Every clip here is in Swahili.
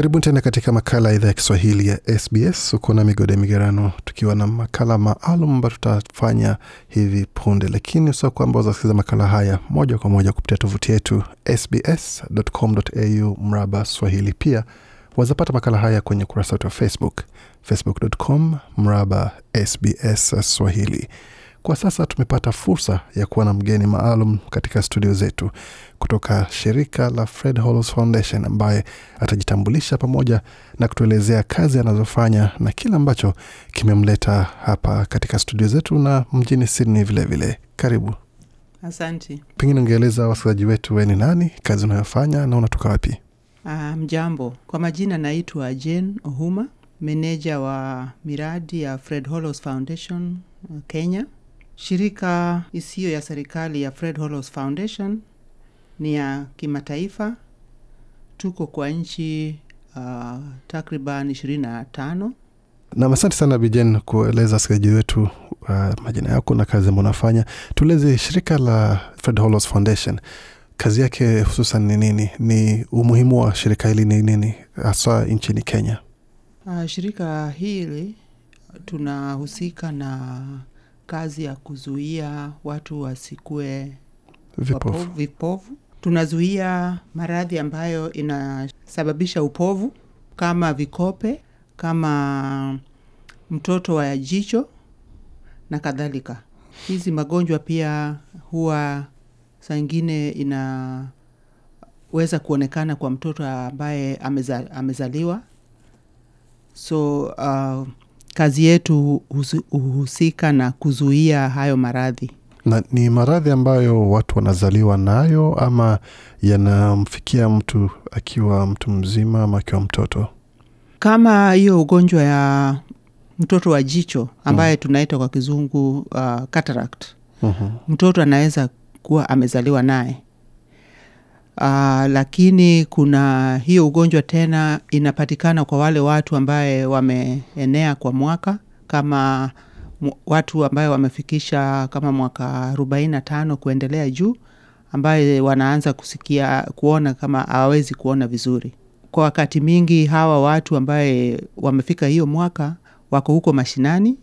Karibuni tena katika makala ya idhaa ya Kiswahili ya SBS. Uko na Migode Migerano tukiwa na makala maalum ambayo tutafanya hivi punde, lakini usahau kwamba wazasikiza makala haya moja kwa moja kupitia tovuti yetu sbs.com.au mraba swahili. Pia wazapata makala haya kwenye ukurasa wetu wa Facebook, facebook.com mraba sbs swahili. Kwa sasa tumepata fursa ya kuwa na mgeni maalum katika studio zetu kutoka shirika la Fred Hollows Foundation ambaye atajitambulisha pamoja na kutuelezea kazi anazofanya na kile ambacho kimemleta hapa katika studio zetu na mjini Sydney vilevile Karibu. Asante. Pengine ungeeleza wasikilizaji wetu weni nani, kazi unayofanya na unatoka wapi? Ah, mjambo, um, kwa majina naitwa jan Ohuma, meneja wa miradi ya Fred Hollows Foundation Kenya. Shirika isiyo ya serikali ya Fred Hollows Foundation ni ya kimataifa. Tuko kwa nchi uh, takriban ishirini na tano. Nam, asante sana Bijen kueleza wasikilizaji wetu uh, majina yako na kazi ambayo unafanya. Tueleze shirika la Fred Hollows Foundation, kazi yake hususan ni nini? Ni umuhimu wa shirika hili ni nini haswa nchini Kenya? Uh, shirika hili tunahusika na kazi ya kuzuia watu wasikue vipovu vipovu. Tunazuia maradhi ambayo inasababisha upovu kama vikope, kama mtoto wa jicho na kadhalika. Hizi magonjwa pia huwa saa ingine inaweza kuonekana kwa mtoto ambaye amezaliwa so uh, kazi yetu huhusika na kuzuia hayo maradhi. Na ni maradhi ambayo watu wanazaliwa nayo ama yanamfikia mtu akiwa mtu mzima ama akiwa mtoto? Kama hiyo ugonjwa ya mtoto wa jicho ambaye mm. tunaita kwa kizungu uh, cataract. Mm-hmm. Mtoto anaweza kuwa amezaliwa naye Uh, lakini kuna hiyo ugonjwa tena inapatikana kwa wale watu ambaye wameenea kwa mwaka kama watu ambaye wamefikisha kama mwaka 45 kuendelea juu ambaye wanaanza kusikia kuona kama hawawezi kuona vizuri. Kwa wakati mingi hawa watu ambaye wamefika hiyo mwaka wako huko mashinani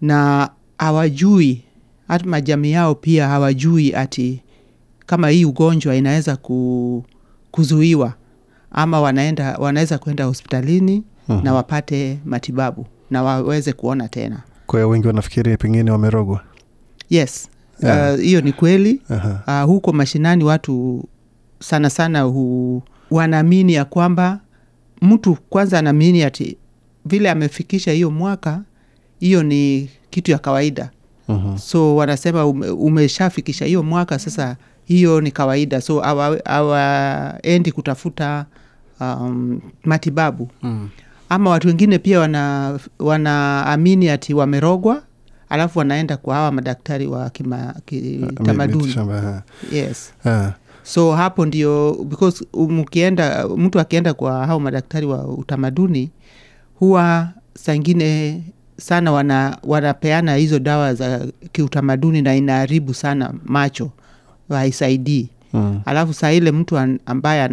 na hawajui hata majamii yao pia hawajui ati kama hii ugonjwa inaweza ku, kuzuiwa ama wanaenda, wanaweza kwenda hospitalini uh-huh. na wapate matibabu na waweze kuona tena. Kwa hiyo wengi wanafikiri pengine wamerogwa. Yes, hiyo yeah. uh, ni kweli uh, huko mashinani watu sana sana hu, wanaamini ya kwamba mtu kwanza anaamini ati vile amefikisha hiyo mwaka hiyo ni kitu ya kawaida. uh-huh. So wanasema ume, umeshafikisha hiyo mwaka sasa hiyo ni kawaida, so hawaendi kutafuta um, matibabu mm. Ama watu wengine pia wana wanaamini ati wamerogwa, alafu wanaenda kwa hawa madaktari wa ah, kitamaduni eh. yes. Ah. So hapo ndio because mkienda mtu akienda kwa hawa madaktari wa utamaduni huwa sangine sana wana, wanapeana hizo dawa za kiutamaduni na inaharibu sana macho haisaidii mm. Alafu saa ile mtu an, ambaye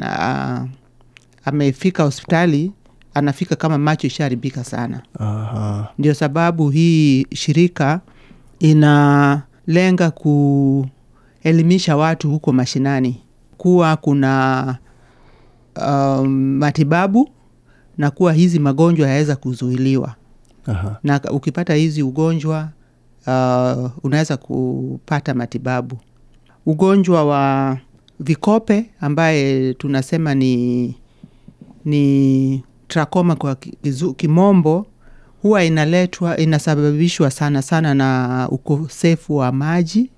amefika hospitali anafika kama macho isharibika sana. Aha. Ndio sababu hii shirika inalenga kuelimisha watu huko mashinani kuwa kuna um, matibabu na kuwa hizi magonjwa yaweza kuzuiliwa. Aha. Na ukipata hizi ugonjwa uh, unaweza kupata matibabu ugonjwa wa vikope ambaye tunasema ni, ni trakoma kwa kimombo huwa inaletwa inasababishwa sana sana na ukosefu wa maji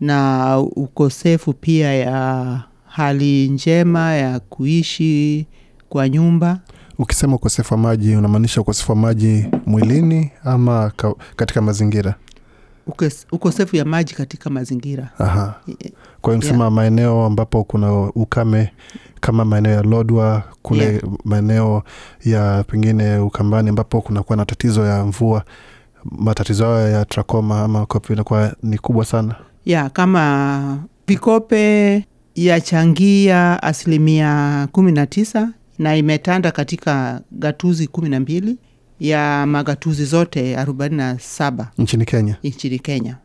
na ukosefu pia ya hali njema ya kuishi kwa nyumba. Ukisema ukosefu wa maji, unamaanisha ukosefu wa maji mwilini ama katika mazingira? ukosefu ya maji katika mazingira. Aha. Kwa hiyo msema yeah. maeneo ambapo kuna ukame kama maeneo ya Lodwa kule yeah. maeneo ya pengine Ukambani ambapo kunakuwa na tatizo ya mvua, matatizo hayo ya trakoma ama kope inakuwa ni kubwa sana ya yeah, kama vikope yachangia asilimia kumi na tisa na imetanda katika gatuzi kumi na mbili ya magatuzi zote 47 nchini Kenya, nchini Kenya.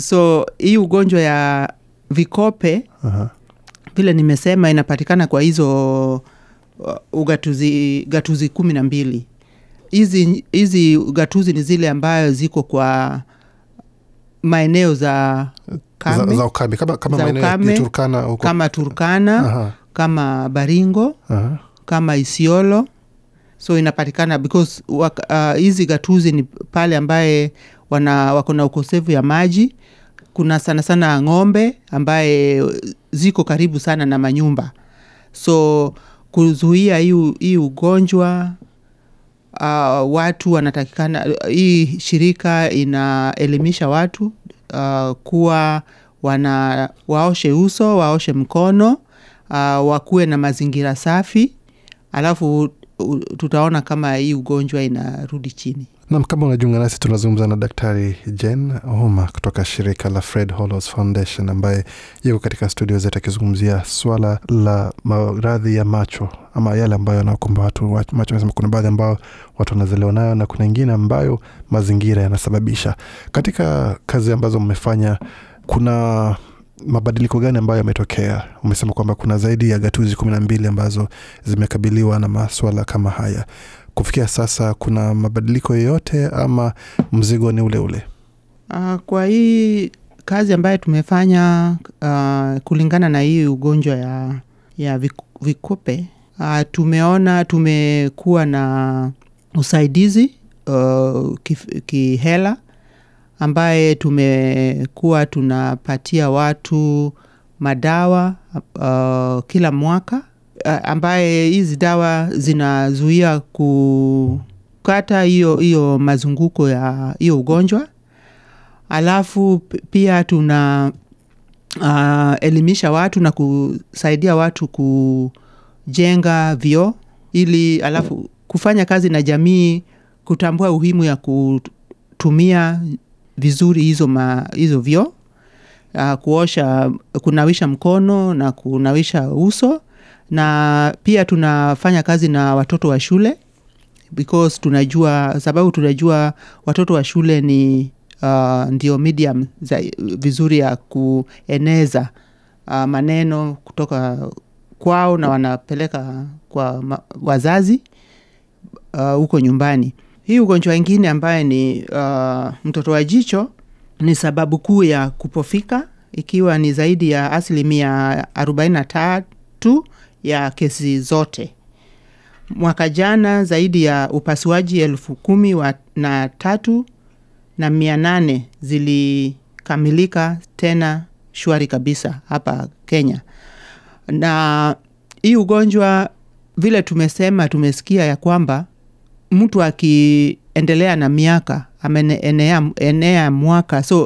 So hii ugonjwa ya vikope Aha. vile nimesema inapatikana kwa hizo uh, ugatuzi gatuzi kumi na mbili. Hizi hizi gatuzi ni zile ambayo ziko kwa maeneo za kame, za, za ukame kama, kama za maeneo ukame, ya Turkana kama Turkana Aha. kama Baringo Aha. kama Isiolo so inapatikana because uh, hizi uh, gatuzi ni pale ambaye wana wako na ukosefu ya maji kuna sana sana ng'ombe ambaye ziko karibu sana na manyumba so kuzuia hii ugonjwa uh, watu wanatakikana hii shirika inaelimisha watu uh, kuwa wana waoshe uso waoshe mkono uh, wakuwe na mazingira safi alafu tutaona kama hii ugonjwa inarudi chini. Nam, kama unajiunga nasi, tunazungumza na Daktari Jen Homa kutoka shirika la Fred Hollows Foundation ambaye yuko katika studio zetu akizungumzia swala la maradhi ya macho ama yale ambayo yanaokumba watu macho. anasema kuna baadhi ambayo watu wanazaliwa nayo na kuna ingine ambayo mazingira yanasababisha. Katika kazi ambazo mmefanya, kuna mabadiliko gani ambayo yametokea? Umesema kwamba kuna zaidi ya gatuzi kumi na mbili ambazo zimekabiliwa na maswala kama haya. Kufikia sasa, kuna mabadiliko yoyote ama mzigo ni ule ule? Uh, kwa hii kazi ambayo tumefanya uh, kulingana na hii ugonjwa ya, ya vikope uh, ah, tumeona tumekuwa na usaidizi uh, kihela ki ambaye tumekuwa tunapatia watu madawa uh, kila mwaka uh, ambaye hizi dawa zinazuia kukata hiyo hiyo mazunguko ya hiyo ugonjwa. Alafu pia tuna uh, elimisha watu na kusaidia watu kujenga vyoo ili alafu kufanya kazi na jamii, kutambua uhimu ya kutumia vizuri hizo, ma, hizo vyoo uh, kuosha kunawisha mkono na kunawisha uso na pia tunafanya kazi na watoto wa shule because tunajua sababu tunajua watoto wa shule ni uh, ndio medium za, vizuri ya kueneza uh, maneno kutoka kwao na wanapeleka kwa ma, wazazi huko uh, nyumbani hii ugonjwa wengine ambaye ni uh, mtoto wa jicho ni sababu kuu ya kupofika ikiwa ni zaidi ya asilimia 43 ya kesi zote. Mwaka jana zaidi ya upasuaji elfu kumi na tatu na mia nane zilikamilika tena shwari kabisa hapa Kenya. Na hii ugonjwa vile tumesema, tumesikia ya kwamba mtu akiendelea na miaka amenenea enea mwaka so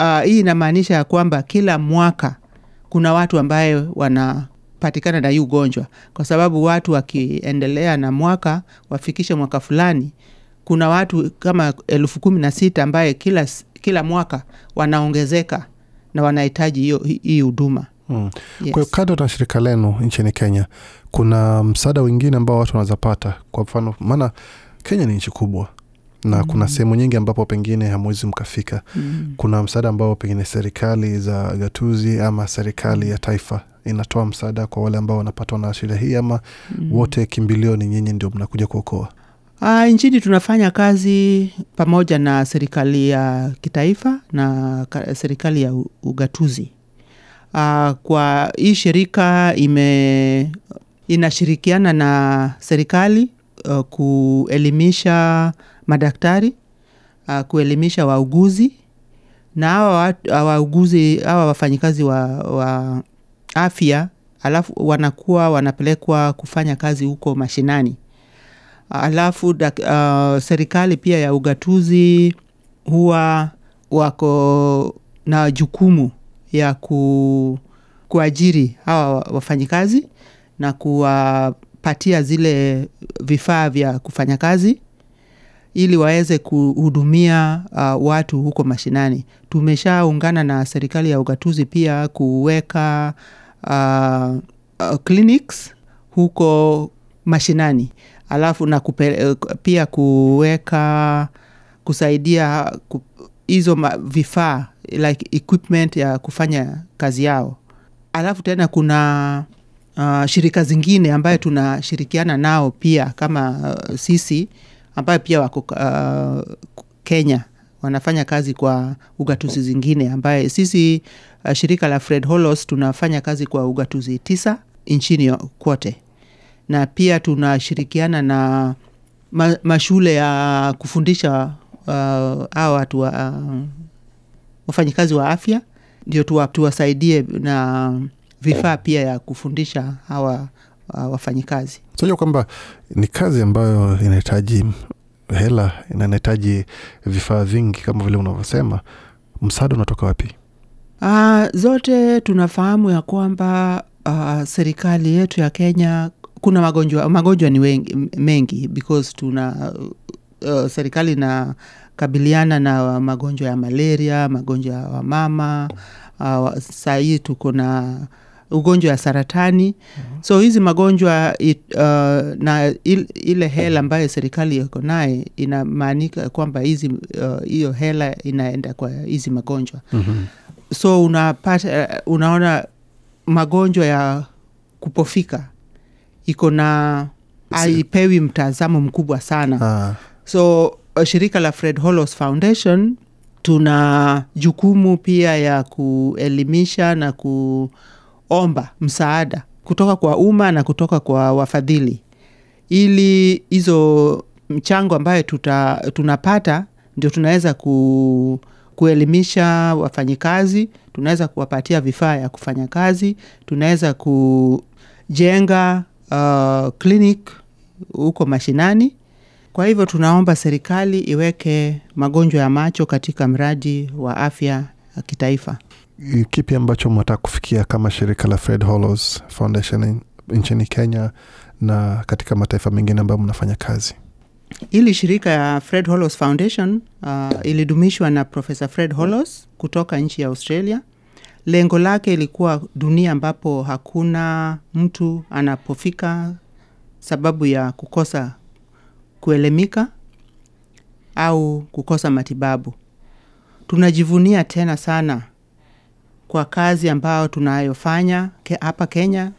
uh, hii inamaanisha ya kwamba kila mwaka kuna watu ambaye wanapatikana na hii ugonjwa, kwa sababu watu wakiendelea na mwaka wafikishe mwaka fulani, kuna watu kama elfu kumi na sita ambaye kila, kila mwaka wanaongezeka na wanahitaji hii huduma. hmm. Yes. kando na shirika lenu nchini Kenya kuna msaada wengine ambao watu wanaweza pata, kwa mfano, maana Kenya ni nchi kubwa na mm kuna sehemu nyingi ambapo pengine hamwezi mkafika. mm Kuna msaada ambao pengine serikali za gatuzi ama serikali ya taifa inatoa msaada kwa wale ambao wanapatwa na shida hii ama mm wote kimbilio ni nyinyi ndio mnakuja kuokoa? Uh, ah, nchini tunafanya kazi pamoja na serikali ya kitaifa na serikali ya ugatuzi. Uh, kwa hii shirika ime inashirikiana na serikali uh, kuelimisha madaktari uh, kuelimisha wauguzi na hawa wauguzi hawa wafanyikazi wa, wa afya alafu wanakuwa wanapelekwa kufanya kazi huko mashinani alafu da, uh, serikali pia ya ugatuzi huwa wako na jukumu ya ku, kuajiri hawa wafanyikazi na kuwapatia zile vifaa vya kufanya kazi ili waweze kuhudumia uh, watu huko mashinani. Tumeshaungana na serikali ya ugatuzi pia kuweka uh, uh, clinics huko mashinani, alafu na kupe, uh, pia kuweka kusaidia hizo vifaa like equipment ya kufanya kazi yao. Alafu tena kuna uh, shirika zingine ambayo tunashirikiana nao pia kama uh, sisi ambayo pia wako uh, Kenya wanafanya kazi kwa ugatuzi zingine ambaye sisi uh, shirika la Fred holos tunafanya kazi kwa ugatuzi tisa nchini kwote na pia tunashirikiana na ma, mashule ya kufundisha uh, aa watu wa, uh, wafanyikazi wa afya ndio tuwasaidie tuwa na vifaa pia ya kufundisha hawa uh, wafanyikazi. Tunajua kwamba ni kazi ambayo inahitaji hela, na inahitaji vifaa vingi kama vile unavyosema. Msaada unatoka wapi? Uh, zote tunafahamu ya kwamba uh, serikali yetu ya Kenya kuna magonjwa magonjwa ni wengi, mengi because tuna uh, uh serikali inakabiliana na magonjwa ya malaria, magonjwa ya wamama uh, sahii hii tuko na ugonjwa ya saratani mm-hmm. so hizi magonjwa it, uh, na il, ile hela ambayo serikali iko naye inamaanika kwamba hizi uh, hiyo uh, hela inaenda kwa hizi magonjwa mm-hmm. so unapata uh, unaona magonjwa ya kupofika iko na aipewi mtazamo mkubwa sana ah. so uh, shirika la fred hollows foundation tuna jukumu pia ya kuelimisha na ku omba msaada kutoka kwa umma na kutoka kwa wafadhili, ili hizo mchango ambayo tuta, tunapata ndio tunaweza ku, kuelimisha wafanyikazi, tunaweza kuwapatia vifaa ya kufanya kazi, tunaweza kujenga uh, clinic huko mashinani. Kwa hivyo tunaomba serikali iweke magonjwa ya macho katika mradi wa afya kitaifa kipi ambacho mnataka kufikia kama shirika la Fred Hollows Foundation nchini Kenya na katika mataifa mengine ambayo mnafanya kazi? hili shirika ya Fred Hollows Foundation uh, ilidumishwa na Profesa Fred Hollows kutoka nchi ya Australia. Lengo lake ilikuwa dunia ambapo hakuna mtu anapofika sababu ya kukosa kuelemika au kukosa matibabu. Tunajivunia tena sana kwa kazi ambayo tunayofanya ke, hapa Kenya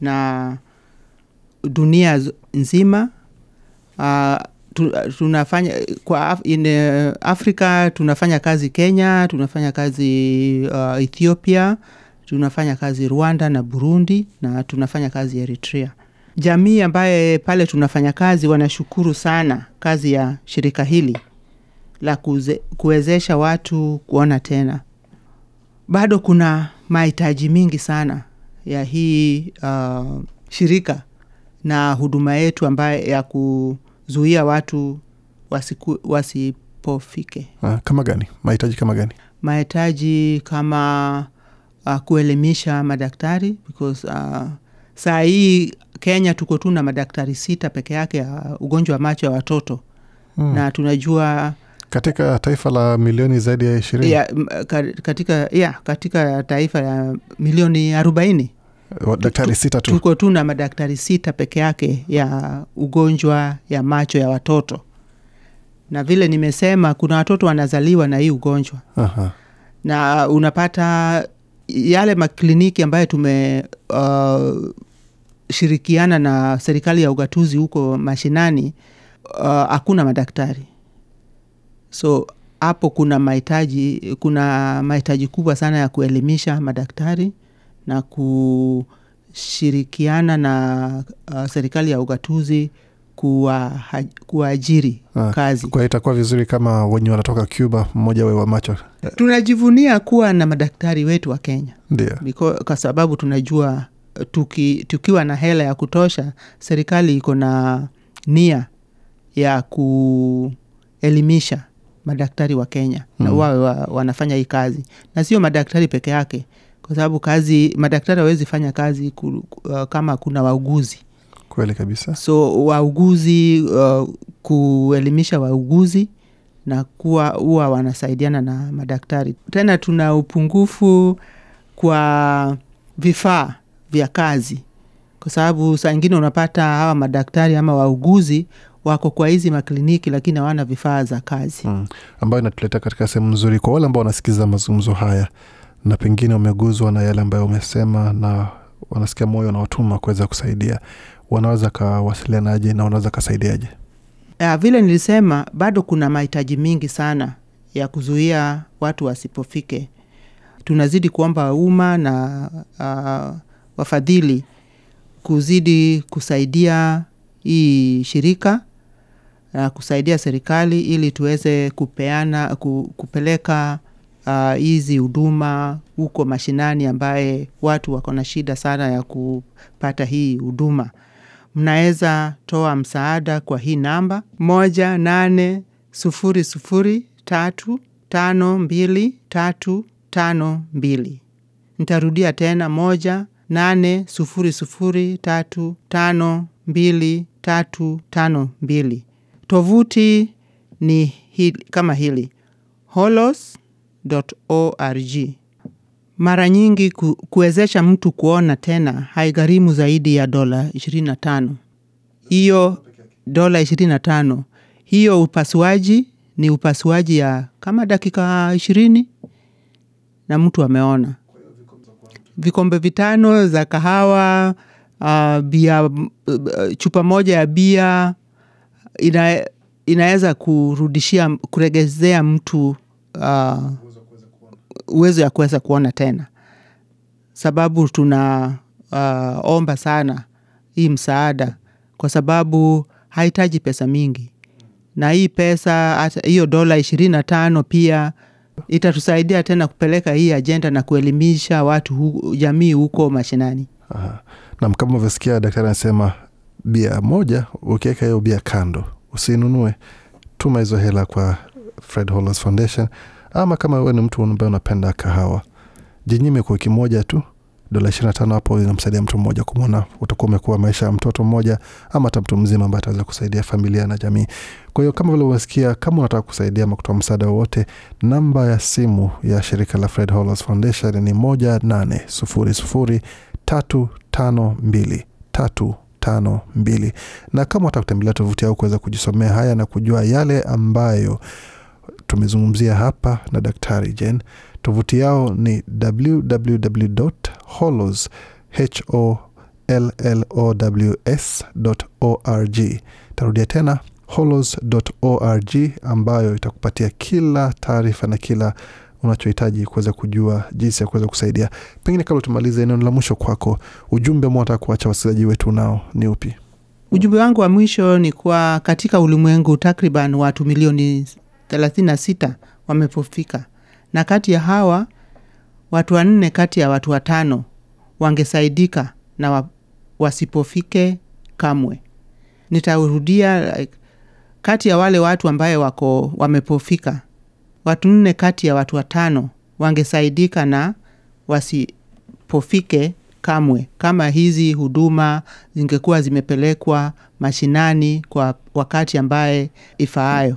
na dunia nzima. Uh, tu, tunafanya kwa Af in eh, Afrika tunafanya kazi Kenya, tunafanya kazi uh, Ethiopia, tunafanya kazi Rwanda na Burundi na tunafanya kazi Eritrea. Jamii ambaye pale tunafanya kazi wanashukuru sana kazi ya shirika hili la kuwezesha watu kuona tena bado kuna mahitaji mingi sana ya hii uh, shirika na huduma yetu ambayo ya kuzuia watu wasiku, wasipofike. ha, ah, kama gani? Mahitaji kama gani? Mahitaji kama uh, kuelimisha madaktari because uh, saa hii Kenya tuko tu na madaktari sita peke yake ya ugonjwa wa macho ya watoto hmm. na tunajua katika taifa la milioni zaidi ya ishirini yeah, katika, yeah, katika taifa la milioni arobaini daktari sita tu. Tuko tu na madaktari sita peke yake ya ugonjwa ya macho ya watoto, na vile nimesema, kuna watoto wanazaliwa na hii ugonjwa. Aha. na unapata yale makliniki ambayo tumeshirikiana uh, na serikali ya ugatuzi huko mashinani, uh, hakuna uh, madaktari so hapo kuna mahitaji kuna mahitaji kubwa sana ya kuelimisha madaktari na kushirikiana na uh, serikali ya ugatuzi kuwaajiri kuwa ah, kazi. Kwa itakuwa vizuri kama wenye wanatoka Cuba mmoja we wa macho. Tunajivunia kuwa na madaktari wetu wa Kenya. Ndio. Kwa sababu tunajua uh, tuki, tukiwa na hela ya kutosha, serikali iko na nia ya kuelimisha madaktari wa Kenya mm. na wawe wa, wanafanya hii kazi na sio madaktari peke yake, kwa sababu kazi madaktari awezi fanya kazi ku, uh, kama kuna wauguzi kweli kabisa. So wauguzi uh, kuelimisha wauguzi na kuwa huwa wanasaidiana na madaktari. Tena tuna upungufu kwa vifaa vya kazi, kwa sababu saa ingine unapata hawa madaktari ama wauguzi wako kwa hizi makliniki lakini hawana vifaa za kazi mm, ambayo inatuleta katika sehemu nzuri kwa wale ambao wanasikiza mazungumzo haya na pengine wameguzwa na yale ambayo wamesema na wanasikia moyo wanawatuma kuweza kusaidia, wanaweza kawasilianaje na wanaweza kasaidiaje? Ah, vile nilisema bado kuna mahitaji mingi sana ya kuzuia watu wasipofike. Tunazidi kuomba umma na uh, wafadhili kuzidi kusaidia hii shirika uh, kusaidia serikali ili tuweze kupeana ku, kupeleka uh, hizi uh, huduma huko mashinani ambaye watu wako na shida sana ya kupata hii huduma. Mnaweza toa msaada kwa hii namba moja nane sufuri sufuri tatu tano mbili tatu tano mbili. ntarudia tena moja nane sufuri sufuri tatu tano mbili tatu tano mbili. Tovuti ni hili, kama hili holos.org. Mara nyingi kuwezesha mtu kuona tena haigharimu zaidi ya dola 25. Hiyo dola 25, hiyo upasuaji ni upasuaji ya kama dakika 20 na mtu ameona. Vikombe vitano za kahawa, uh, bia, uh, chupa moja ya bia ina, inaweza kurudishia kuregezea mtu uh, uwezo ya kuweza kuona tena sababu tuna uh, omba sana hii msaada kwa sababu hahitaji pesa mingi na hii pesa hiyo dola ishirini na tano pia itatusaidia tena kupeleka hii ajenda na kuelimisha watu hu, jamii huko mashinani. Nam, kama unavyosikia daktari anasema bia moja, ukiweka hiyo bia kando, usinunue, tuma hizo hela kwa Fred Hollows Foundation. Ama kama wewe ni mtu ambaye unapenda kahawa, jinyime kwa wiki moja tu, dola ishirini na tano hapo inamsaidia mtu mmoja kumwona, utakuwa umekuwa maisha ya mtoto mmoja ama hata mtu mzima ambaye ataweza kusaidia familia na jamii. Kwa hiyo kama vile unasikia, kama unataka kusaidia ama kutoa msaada wowote, namba ya simu ya shirika la Fred Hollows Foundation ni moja nane sufuri sufuri tatu tano mbili tatu tano mbili. Na kama watakutembelea tovuti yao kuweza kujisomea haya na kujua yale ambayo tumezungumzia hapa na Daktari Jen, tovuti yao ni www.hollows Tarudia tena hollows.org, ambayo itakupatia kila taarifa na kila unachohitaji kuweza kujua jinsi ya kuweza kusaidia. Pengine kabla tumalize, neno la mwisho kwako, ujumbe ambao unataka kuacha wasikilizaji wetu nao ni upi? Ujumbe wangu wa mwisho ni kuwa katika ulimwengu takriban watu milioni 36 wamepofika, na kati ya hawa watu wanne kati ya watu watano wangesaidika na wa, wasipofike kamwe. nitarudia like, kati ya wale watu ambaye wako wamepofika watu nne kati ya watu watano wangesaidika na wasipofike kamwe, kama hizi huduma zingekuwa zimepelekwa mashinani kwa wakati ambaye ifaayo.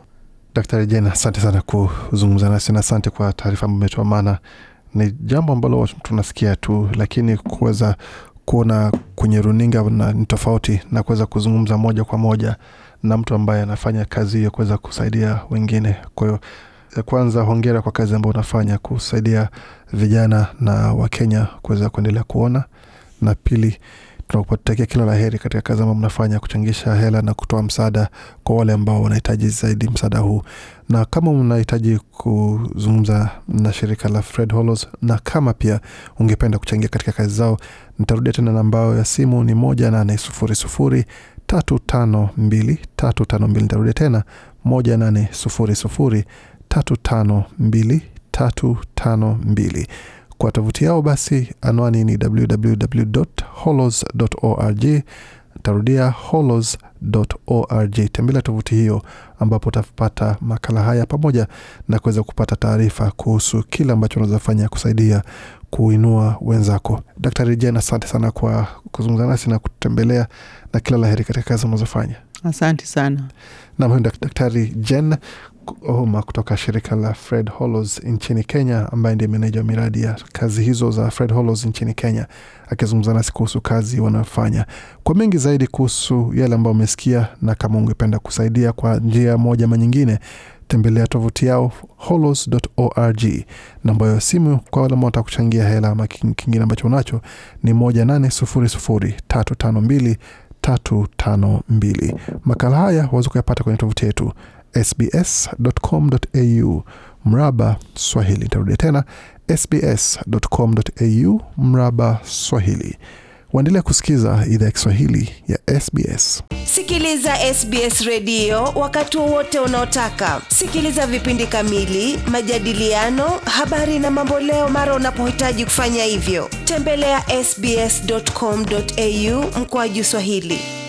Daktari jen asante sana kuzungumza nasi na asante kwa taarifa ambayo umetoa, maana ni jambo ambalo tunasikia tu, lakini kuweza kuona kwenye runinga ni tofauti na kuweza kuzungumza moja kwa moja na mtu ambaye anafanya kazi hiyo kuweza kusaidia wengine. Kwa hiyo ya kwanza, hongera kwa kazi ambayo unafanya kusaidia vijana na Wakenya kuweza kuendelea kuona, na pili tunakutakia kila la heri katika kazi ambayo mnafanya kuchangisha hela na kutoa msaada kwa wale ambao wanahitaji zaidi msaada huu. Na kama mnahitaji kuzungumza na shirika la Fred Hollows, na kama pia ungependa kuchangia katika kazi zao, nitarudia tena, nambao ya simu ni moja nane sufuri sufuri tatu tano mbili tatu tano mbili. Nitarudia tena moja nane sufuri sufuri 352352 kwa tovuti yao basi anwani ni www.hollows.org tarudia holos.org tembelea tovuti hiyo ambapo utapata makala haya pamoja na kuweza kupata taarifa kuhusu kile ambacho unawezafanya kusaidia kuinua wenzako daktari jen asante sana kwa kuzungumza nasi na kutembelea na kila laheri katika kazi unazofanya asante sana nam daktari jen Homa kutoka shirika la Fred Hollows nchini Kenya, ambaye ndiye meneja wa miradi ya kazi hizo za Fred Hollows nchini Kenya, akizungumza nasi kuhusu kazi wanayofanya. Kwa mengi zaidi kuhusu yale ambayo umesikia, na kama ungependa kusaidia kwa njia moja ama nyingine, tembelea tovuti yao hollows.org. Namba ya simu kwa wale ambao wanataka kuchangia hela ama kingine ambacho unacho ni tano mbili. Makala haya waweza kuyapata kwenye tovuti yetu sbs.com.au mraba Swahili. Nitarudia tena sbs.com.au mraba Swahili. Waendelea kusikiza idhaa ya Kiswahili ya SBS. Sikiliza SBS redio wakati wowote unaotaka. Sikiliza vipindi kamili, majadiliano, habari na mambo leo mara unapohitaji kufanya hivyo. Tembelea ya sbs.com.au mkoaju Swahili.